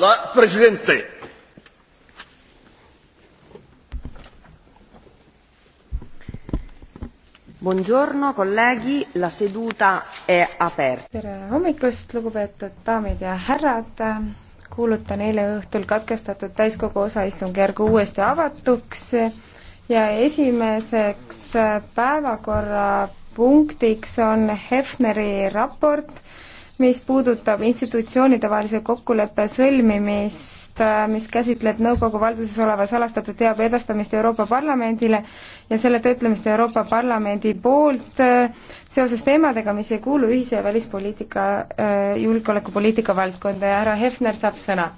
La Presidente. Buongiorno colleghi, la seduta è aperta. tere hommikust, lugupeetud daamid ja härrad. kuulutan eile õhtul katkestatud täiskogu osaistungjärgu uuesti avatuks ja esimeseks päevakorrapunktiks on Hefneri raport mis puudutab institutsioonidevahelise kokkuleppe sõlmimist, äh, mis käsitleb nõukogu valduses oleva salastatud teabe edastamist Euroopa Parlamendile ja selle töötlemist Euroopa Parlamendi poolt äh, seoses teemadega, mis ei kuulu ühise välispoliitika, äh, julgeolekupoliitika valdkonda ja härra Hefner saab sõna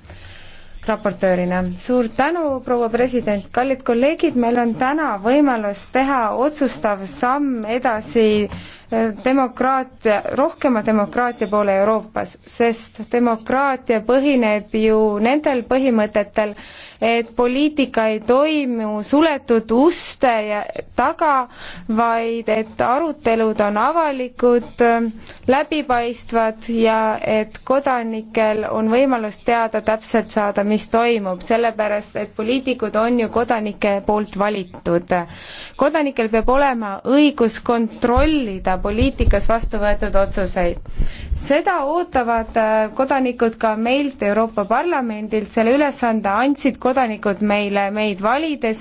raportöörina. suur tänu, proua president, kallid kolleegid, meil on täna võimalus teha otsustav samm edasi demokraatia, rohkema demokraatia poole Euroopas, sest demokraatia põhineb ju nendel põhimõtetel, et poliitika ei toimu suletud uste taga, vaid et arutelud on avalikud, läbipaistvad ja et kodanikel on võimalus teada täpselt saada, mis toimub, sellepärast et poliitikud on ju kodanike poolt valitud. kodanikel peab olema õigus kontrollida poliitikas vastu võetud otsuseid. seda ootavad äh, kodanikud ka meilt, Euroopa Parlamendilt, selle ülesande andsid kodanikud meile meid valides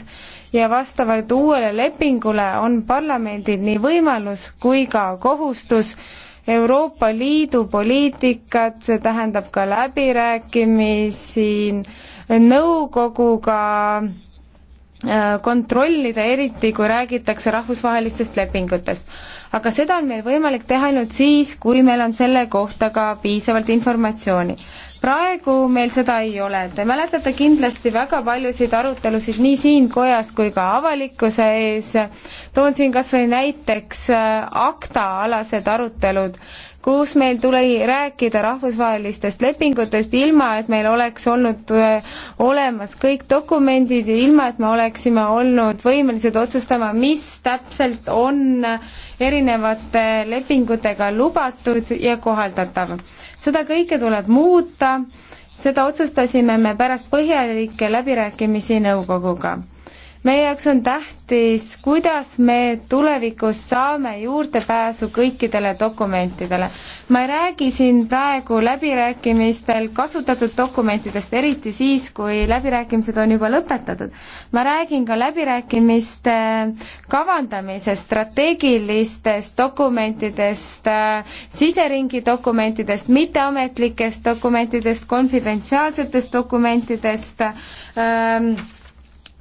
ja vastavalt uuele lepingule on parlamendil nii võimalus kui ka kohustus Euroopa Liidu poliitikat, see tähendab ka läbirääkimisi nõukoguga, Äh, kontrollida, eriti kui räägitakse rahvusvahelistest lepingutest. aga seda on meil võimalik teha ainult siis, kui meil on selle kohta ka piisavalt informatsiooni. praegu meil seda ei ole, te mäletate kindlasti väga paljusid arutelusid nii siin kojas kui ka avalikkuse ees, toon siin kas või näiteks äh, akta alased arutelud, kus meil tuli rääkida rahvusvahelistest lepingutest, ilma et meil oleks olnud äh, olemas kõik dokumendid ja ilma, et me oleksime olnud võimelised otsustama, mis täpselt on erinevate lepingutega lubatud ja kohaldatav. seda kõike tuleb muuta, seda otsustasime me pärast põhjalikke läbirääkimisi nõukoguga meie jaoks on tähtis, kuidas me tulevikus saame juurdepääsu kõikidele dokumentidele. ma ei räägi siin praegu läbirääkimistel kasutatud dokumentidest, eriti siis, kui läbirääkimised on juba lõpetatud. ma räägin ka läbirääkimiste kavandamisest, strateegilistest dokumentidest, siseringi dokumentidest, mitteametlikest dokumentidest, konfidentsiaalsetest dokumentidest ähm,,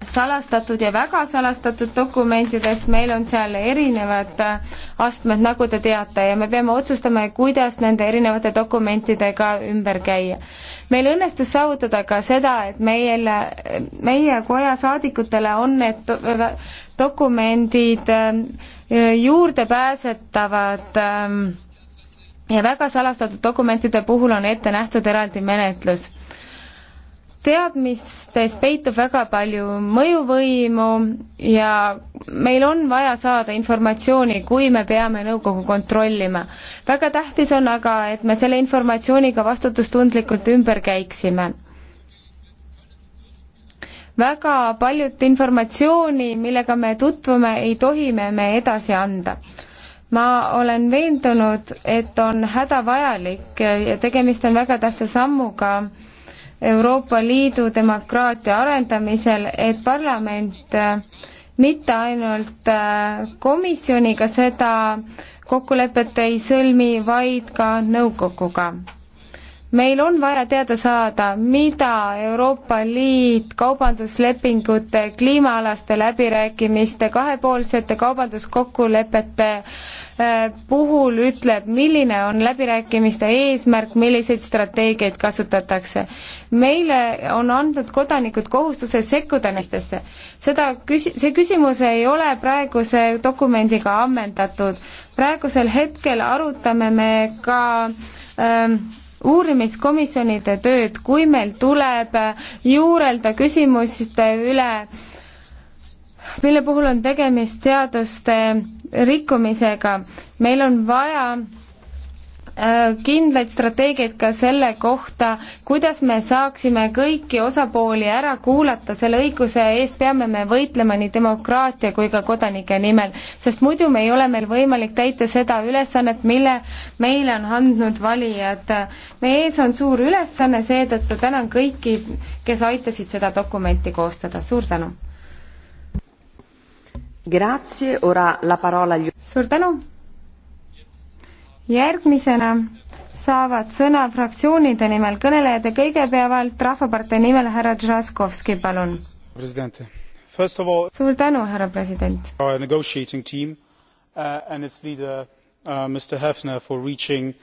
salastatud ja väga salastatud dokumentidest, meil on seal erinevad astmed, nagu te teate, ja me peame otsustama, kuidas nende erinevate dokumentidega ümber käia. meil õnnestus saavutada ka seda, et meile, meie koja saadikutele on need dokumendid äh, juurdepääsetavad ähm, ja väga salastatud dokumentide puhul on ette nähtud eraldi menetlus teadmistes peitub väga palju mõjuvõimu ja meil on vaja saada informatsiooni, kui me peame nõukogu kontrollima. väga tähtis on aga, et me selle informatsiooniga vastutustundlikult ümber käiksime väga paljut informatsiooni, millega me tutvume, ei tohi me, me edasi anda. ma olen veendunud, et on hädavajalik ja tegemist on väga tähtsa sammuga äh, Euroopa Liidu demokraatia arendamisel, et parlament äh, mitte ainult äh, komisjoniga seda kokkulepet ei sõlmi, vaid ka nõukoguga meil on vaja teada saada, mida Euroopa Liit kaubanduslepingute, kliimaalaste läbirääkimiste, kahepoolsete kaubanduskokkulepete äh, puhul ütleb, milline on läbirääkimiste eesmärk, milliseid strateegiaid kasutatakse. meile on andnud kodanikud kohustuse sekkuda neistesse. seda küsi-, see küsimus ei ole praeguse dokumendiga ammendatud. praegusel hetkel arutame me ka ähm, uurimiskomisjonide tööd, kui meil tuleb juurelda küsimuste üle, mille puhul on tegemist seaduste rikkumisega, meil on vaja Äh, kindlaid strateegiaid ka selle kohta, kuidas me saaksime kõiki osapooli ära kuulata, selle õiguse eest peame me võitlema nii demokraatia kui ka kodanike nimel, sest muidu me ei ole meil võimalik täita seda ülesannet, mille meile on andnud valijad. meie ees on suur ülesanne, seetõttu tänan kõiki, kes aitasid seda dokumenti koostada, suur tänu! suur tänu! järgmisena saavad sõna fraktsioonide nimel kõnelejad ja kõigepealt Rahvapartei nimel härra Džaskovski, palun. suur tänu, härra president. Our negotiating team uh, and its leader uh, Mr Hefner for reaching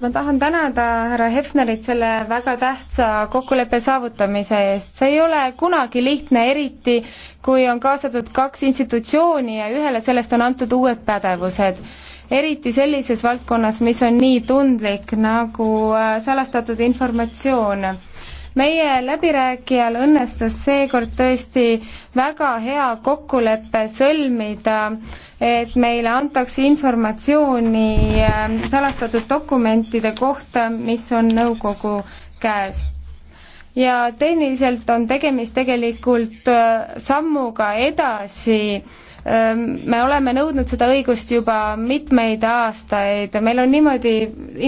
ma tahan tänada härra Hefnerit selle väga tähtsa kokkuleppe saavutamise eest. see ei ole kunagi lihtne, eriti kui on kaasatud kaks institutsiooni ja ühele sellest on antud uued pädevused eriti sellises valdkonnas, mis on nii tundlik nagu äh, salastatud informatsioon meie läbirääkijal õnnestus seekord tõesti väga hea kokkulepe sõlmida, et meile antakse informatsiooni äh, salastatud dokumentide kohta, mis on nõukogu käes. ja tehniliselt on tegemist tegelikult äh, sammuga edasi Ehm, me oleme nõudnud seda õigust juba mitmeid aastaid, meil on niimoodi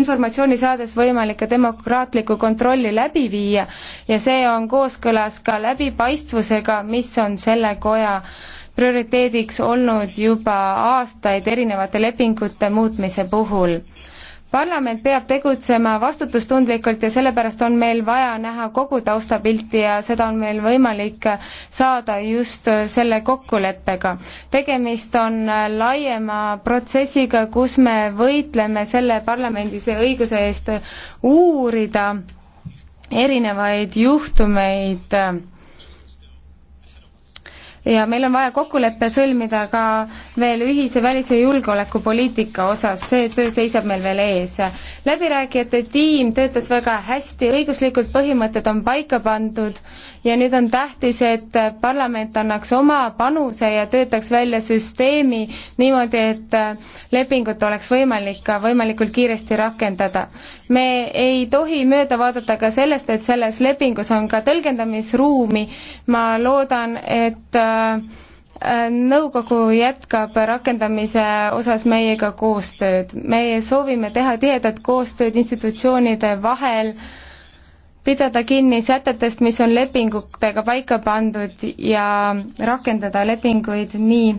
informatsiooni saades võimalik ka demokraatlikku kontrolli läbi viia ja see on kooskõlas ka läbipaistvusega, mis on selle koja prioriteediks olnud juba aastaid erinevate lepingute muutmise puhul parlament peab tegutsema vastutustundlikult ja sellepärast on meil vaja näha kogu taustapilti ja seda on meil võimalik saada just selle kokkuleppega. tegemist on laiema protsessiga, kus me võitleme selle parlamendis õiguse eest uurida erinevaid juhtumeid ja meil on vaja kokkulepe sõlmida ka veel ühise välis- ja julgeolekupoliitika osas, see töö seisab meil veel ees. läbirääkijate tiim töötas väga hästi, õiguslikud põhimõtted on paika pandud ja nüüd on tähtis, et parlament annaks oma panuse ja töötaks välja süsteemi niimoodi, et lepingut oleks võimalik ka võimalikult kiiresti rakendada. me ei tohi mööda vaadata ka sellest, et selles lepingus on ka tõlgendamisruumi, ma loodan, et Äh, nõukogu jätkab rakendamise osas meiega koostööd. meie soovime teha tihedat koostööd institutsioonide vahel, pidada kinni sätetest, mis on lepingutega paika pandud ja rakendada lepinguid nii,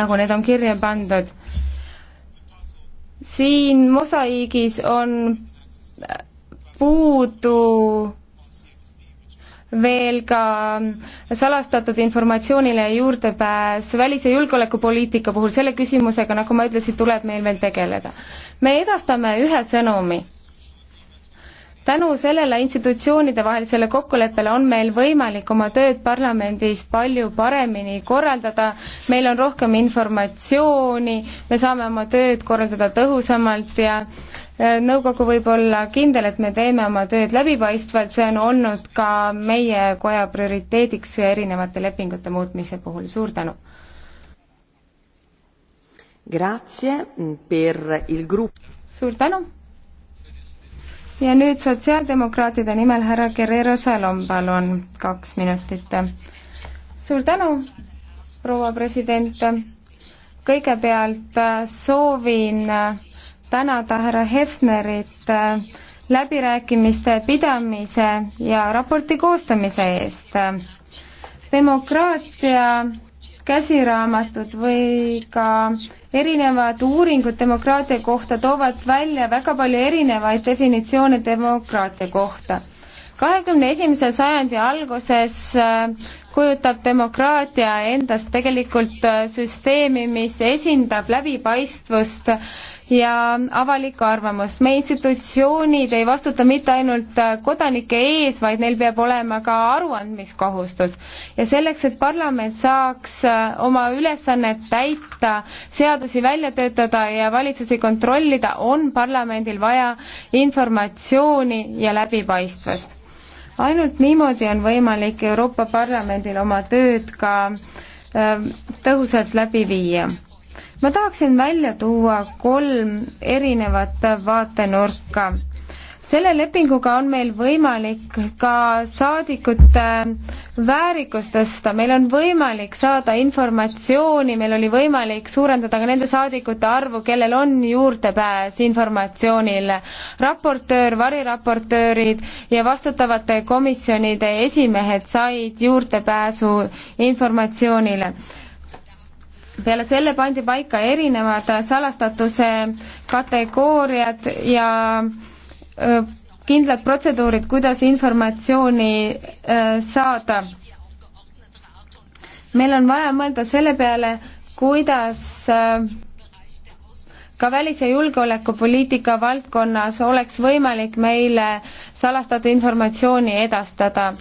nagu need on kirja pandud. siin mosaiigis on puudu veel ka salastatud informatsioonile juurdepääs välis- ja julgeolekupoliitika puhul, selle küsimusega, nagu ma ütlesin, tuleb meil veel tegeleda. me edastame ühe sõnumi. tänu sellele institutsioonidevahelisele kokkuleppele on meil võimalik oma tööd parlamendis palju paremini korraldada, meil on rohkem informatsiooni, me saame oma tööd korraldada tõhusamalt ja Äh, nõukogu võib olla kindel, et me teeme oma tööd läbipaistvalt, see on olnud ka meie koja prioriteediks erinevate lepingute muutmise puhul, suur tänu! suur tänu! ja nüüd sotsiaaldemokraatide nimel härra Guerrero Salom, palun, kaks minutit. suur tänu, proua president! kõigepealt äh, soovin äh, tänada härra Hefnerit äh, läbirääkimiste pidamise ja raporti koostamise eest. demokraatia käsiraamatud või ka erinevad uuringud demokraatia kohta toovad välja väga palju erinevaid definitsioone demokraatia kohta. kahekümne esimese sajandi alguses äh, kujutab demokraatia endast tegelikult äh, süsteemi, mis esindab läbipaistvust ja avalikku arvamust. meie institutsioonid ei vastuta mitte ainult äh, kodanike ees, vaid neil peab olema ka aruandmiskohustus. ja selleks, et parlament saaks äh, oma ülesannet täita, seadusi välja töötada ja valitsusi kontrollida, on parlamendil vaja informatsiooni ja läbipaistvust. ainult niimoodi on võimalik Euroopa Parlamendil oma tööd ka äh, tõhusalt läbi viia ma tahaksin välja tuua kolm erinevat vaatenurka. selle lepinguga on meil võimalik ka saadikute väärikust tõsta, meil on võimalik saada informatsiooni, meil oli võimalik suurendada ka nende saadikute arvu, kellel on juurdepääs informatsioonile. raportöör, variraportöörid ja vastutavate komisjonide esimehed said juurdepääsu informatsioonile peale selle pandi paika erinevad salastatuse kategooriad ja kindlad protseduurid, kuidas informatsiooni saada. meil on vaja mõelda selle peale, kuidas ka välis- ja julgeolekupoliitika valdkonnas oleks võimalik meile salastatud informatsiooni edastada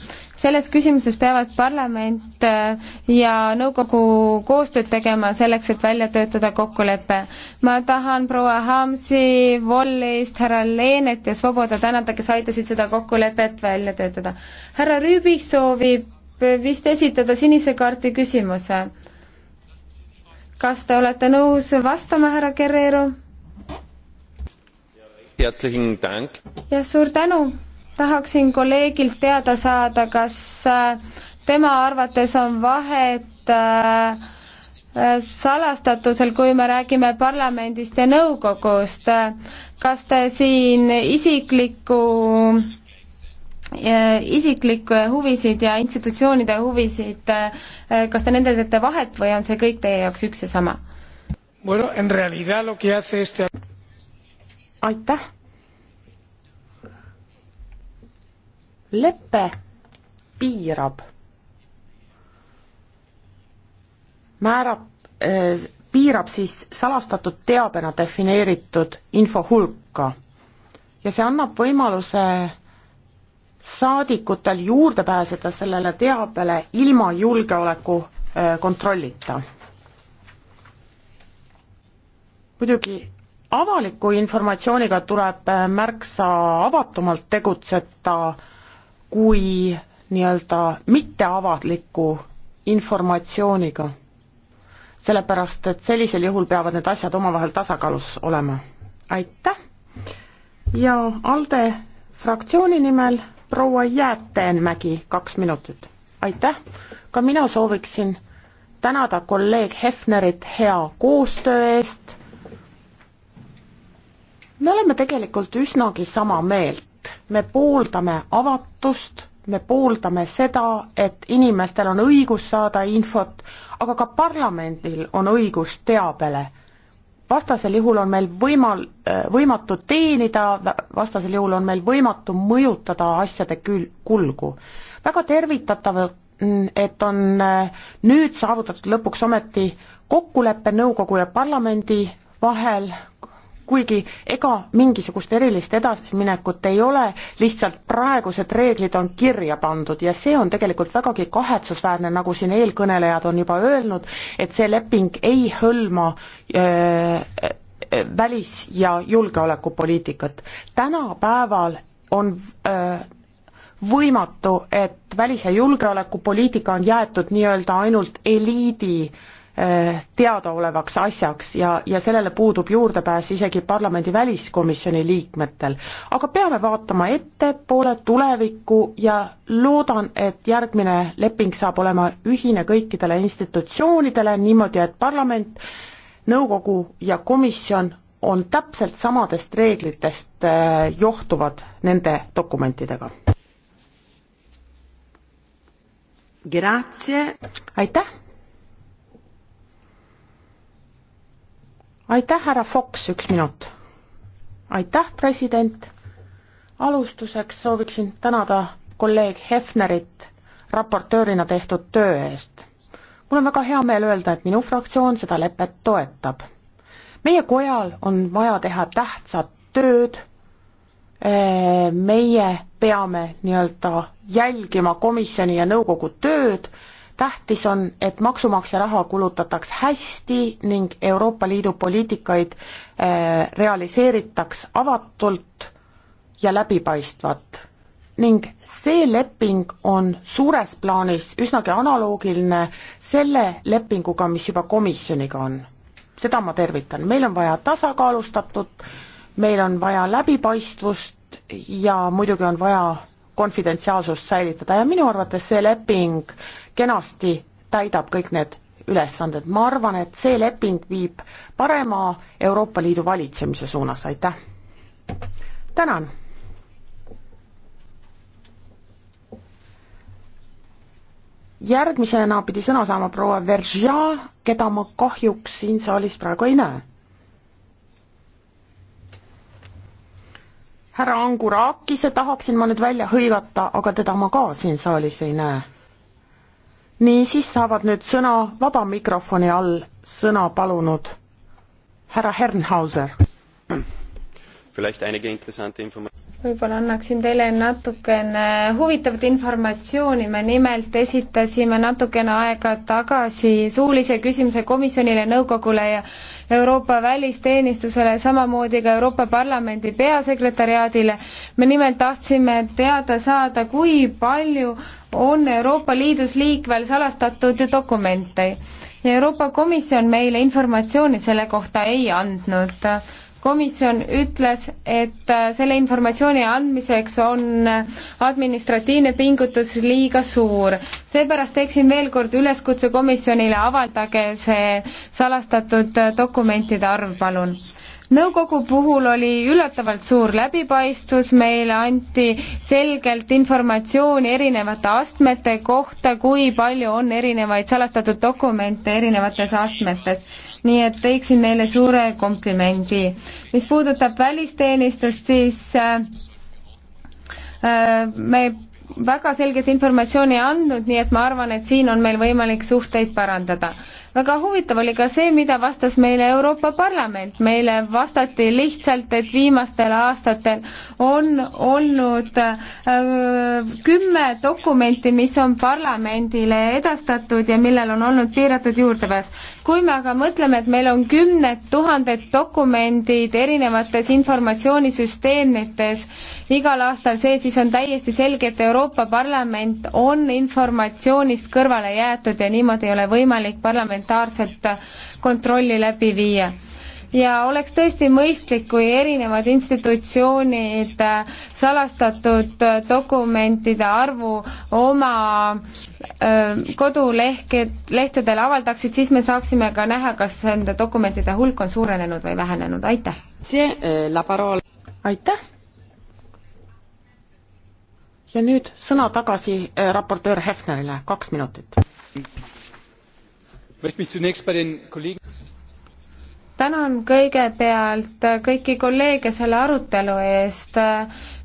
selles küsimuses peavad parlament äh, ja nõukogu koostööd tegema selleks, et välja töötada kokkulepe. ma tahan proua Hamsi, Vollist, härra Leenet ja Svoboda tänada, kes aitasid seda kokkulepet välja töötada. härra Rüübik soovib vist esitada sinise kaarti küsimuse. kas te olete nõus vastama, härra Guerrero? jah, suur tänu tahaksin kolleegilt teada saada, kas äh, tema arvates on vahet äh, äh, salastatusel, kui me räägime parlamendist ja nõukogust. kas te siin isiklikku, isiklikke huvisid ja institutsioonide huvisid, kas te nende teete vahet või on see kõik teie jaoks üks ja sama? aitäh lepe piirab, määrab äh,, piirab siis salastatud teabena defineeritud info hulka ja see annab võimaluse saadikutel juurde pääseda sellele teabele ilma julgeoleku äh, kontrollita. muidugi avaliku informatsiooniga tuleb eh, märksa avatumalt tegutseda äh, kui nii-öelda mitteavaliku informatsiooniga. sellepärast, et sellisel juhul peavad need asjad omavahel tasakaalus olema. aitäh ja ALDE fraktsiooni nimel proua Jääteenmägi, kaks minutit. aitäh, ka mina sooviksin tänada kolleeg Hefnerit hea koostöö eest, me oleme tegelikult üsnagi sama meelt me pooldame avatust, me pooldame seda, et inimestel on õigus saada infot, aga ka parlamendil on õigus teabele. vastasel juhul on meil võimal-, äh, võimatu teenida, vastasel juhul on meil võimatu mõjutada asjade kül-, kulgu. väga tervitatav, et on äh, nüüd saavutatud lõpuks ometi kokkulepe nõukogu ja parlamendi vahel, kuigi ega mingisugust erilist edasiminekut ei ole, lihtsalt praegused reeglid on kirja pandud ja see on tegelikult vägagi kahetsusväärne, nagu siin eelkõnelejad on juba öelnud, et see leping ei hõlma öö, välis- ja julgeolekupoliitikat. tänapäeval on öö, võimatu, et välis- ja julgeolekupoliitika on jäetud nii-öelda ainult eliidi öö, Eh, teadaolevaks asjaks ja, ja sellele puudub juurdepääs isegi parlamendi väliskomisjoni liikmetel. aga peame vaatama ettepoole tulevikku ja loodan, et järgmine leping saab olema ühine kõikidele institutsioonidele niimoodi, et parlament, nõukogu ja komisjon on täpselt samadest reeglitest eh, johtuvad nende dokumentidega. aitäh! aitäh, härra Fox, üks minut. aitäh, president. alustuseks sooviksin tänada kolleeg Hefnerit raportöörina tehtud töö eest. mul on väga hea meel öelda, et minu fraktsioon seda lepet toetab. meie kojal on vaja teha tähtsat tööd, meie peame nii-öelda jälgima komisjoni ja nõukogu tööd tähtis on, et maksumaksja raha kulutataks hästi ning Euroopa Liidu poliitikaid äh, realiseeritaks avatult ja läbipaistvalt. ning see leping on suures plaanis üsnagi analoogiline selle lepinguga, mis juba komisjoniga on. seda ma tervitan, meil on vaja tasakaalustatud, meil on vaja läbipaistvust ja muidugi on vaja konfidentsiaalsust säilitada ja minu arvates see leping kenasti täidab kõik need ülesanded, ma arvan, et see leping viib parema Euroopa Liidu valitsemise suunas, aitäh! tänan! järgmisena pidi sõna saama proua Veržia, keda ma kahjuks siin saalis praegu ei näe. härra Angurakise tahaksin ma nüüd välja hõigata, aga teda ma ka siin saalis ei näe niisiis saavad nüüd sõna vaba mikrofoni all sõna palunud härra Hernhauser. võib-olla annaksin teile natukene huvitavat informatsiooni, me nimelt esitasime natukene aega tagasi suulise küsimuse komisjonile, nõukogule ja Euroopa välisteenistusele, samamoodi ka Euroopa Parlamendi peasekretäriaadile. me nimelt tahtsime teada saada, kui palju on Euroopa Liidus liikvel salastatud dokumente. Euroopa Komisjon meile informatsiooni selle kohta ei andnud. komisjon ütles, et selle informatsiooni andmiseks on administratiivne pingutus liiga suur. seepärast teeksin veel kord üleskutse komisjonile, avaldage see salastatud dokumentide arv, palun nõukogu puhul oli üllatavalt suur läbipaistvus, meile anti selgelt informatsiooni erinevate astmete kohta, kui palju on erinevaid salastatud dokumente erinevates astmetes. nii et teeksin neile suure komplimendi. mis puudutab välisteenistust, siis äh, äh me väga selget informatsiooni andnud, nii et ma arvan, et siin on meil võimalik suhteid parandada väga huvitav oli ka see, mida vastas meile Euroopa Parlament. meile vastati lihtsalt, et viimastel aastatel on olnud äh, kümme dokumenti, mis on parlamendile edastatud ja millel on olnud piiratud juurdepääs. kui me aga mõtleme, et meil on kümned tuhanded dokumendid erinevates informatsioonisüsteemides igal aastal see, siis on täiesti selge, et Euroopa Parlament on informatsioonist kõrvale jäetud ja niimoodi ei ole võimalik parlament parlamentaarset kontrolli läbi viia ja oleks tõesti mõistlik, kui erinevad institutsioonid salastatud dokumentide arvu oma kodulehked, lehtedel avaldaksid, siis me saaksime ka näha, kas nende dokumentide hulk on suurenenud või vähenenud, aitäh! see la parole. aitäh! ja nüüd sõna tagasi raportöör Hefnerile, kaks minutit tänan kõigepealt kõiki kolleege selle arutelu eest.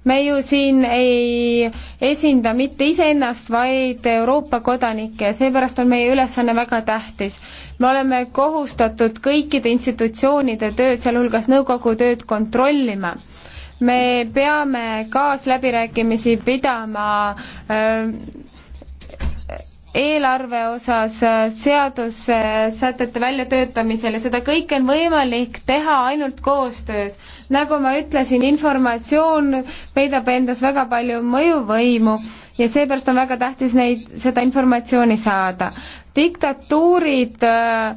me ju siin ei esinda mitte iseennast, vaid Euroopa kodanikke ja seepärast on meie ülesanne väga tähtis. me oleme kohustatud kõikide institutsioonide tööd, sealhulgas nõukogu tööd kontrollima me peame kaasläbirääkimisi pidama öö, ähm, eelarve osas, äh, seadussätete äh, väljatöötamisel ja seda kõike on võimalik teha ainult koostöös. nagu ma ütlesin, informatsioon peidab endas väga palju mõjuvõimu ja seepärast on väga tähtis neid, seda informatsiooni saada. diktatuurid äh,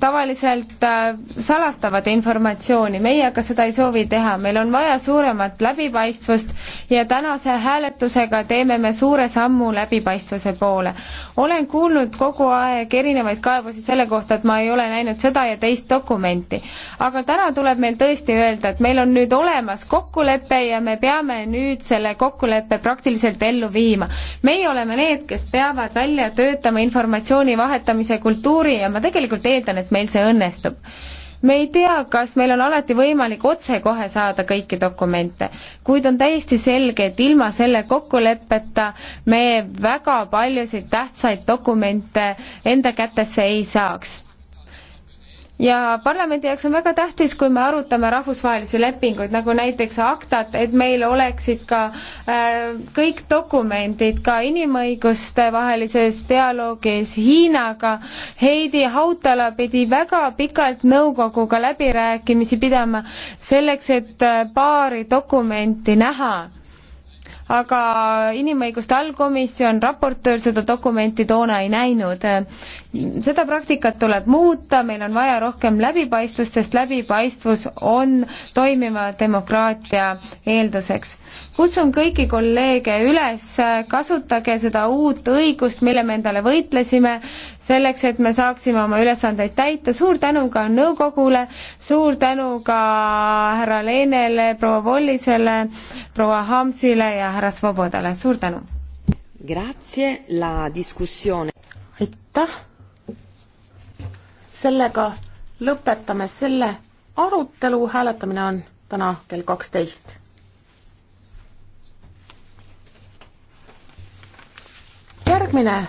tavaliselt äh, salastavad informatsiooni, meie aga seda ei soovi teha, meil on vaja suuremat läbipaistvust ja tänase hääletusega teeme me suure sammu läbipaistvuse poole. olen kuulnud kogu aeg erinevaid kaebusi selle kohta, et ma ei ole näinud seda ja teist dokumenti. aga täna tuleb meil tõesti öelda, et meil on nüüd olemas kokkulepe ja me peame nüüd selle kokkuleppe praktiliselt ellu viima. meie oleme need, kes peavad välja töötama informatsiooni vahetamise kultuuri ja ma tegelikult eeldan, loodan, et meil see õnnestub me ei tea, kas meil on alati võimalik otsekohe saada kõiki dokumente, kuid on täiesti selge, et ilma selle kokkuleppeta me väga paljusid tähtsaid dokumente enda kätesse ei saaks ja parlamendi jaoks on väga tähtis, kui me arutame rahvusvahelisi lepinguid, nagu näiteks ACTA-t, et meil oleksid ka äh, kõik dokumendid ka inimõiguste vahelises dialoogis Hiinaga. Heidi Hautala pidi väga pikalt nõukoguga läbirääkimisi pidama selleks, et äh, paari dokumenti näha aga inimõiguste allkomisjon, raportöör seda dokumenti toona ei näinud seda praktikat tuleb muuta, meil on vaja rohkem läbipaistvust, sest läbipaistvus on toimiva demokraatia eelduseks. kutsun kõiki kolleege üles, kasutage seda uut õigust, mille me endale võitlesime, selleks, et me saaksime oma ülesandeid täita, suur tänu ka nõukogule, suur tänu ka härra Leenele, proua Vollisele, proua Hamsile ja härra Svobodale, suur tänu! aitäh! sellega lõpetame selle arutelu, hääletamine on täna kell kaksteist. järgmine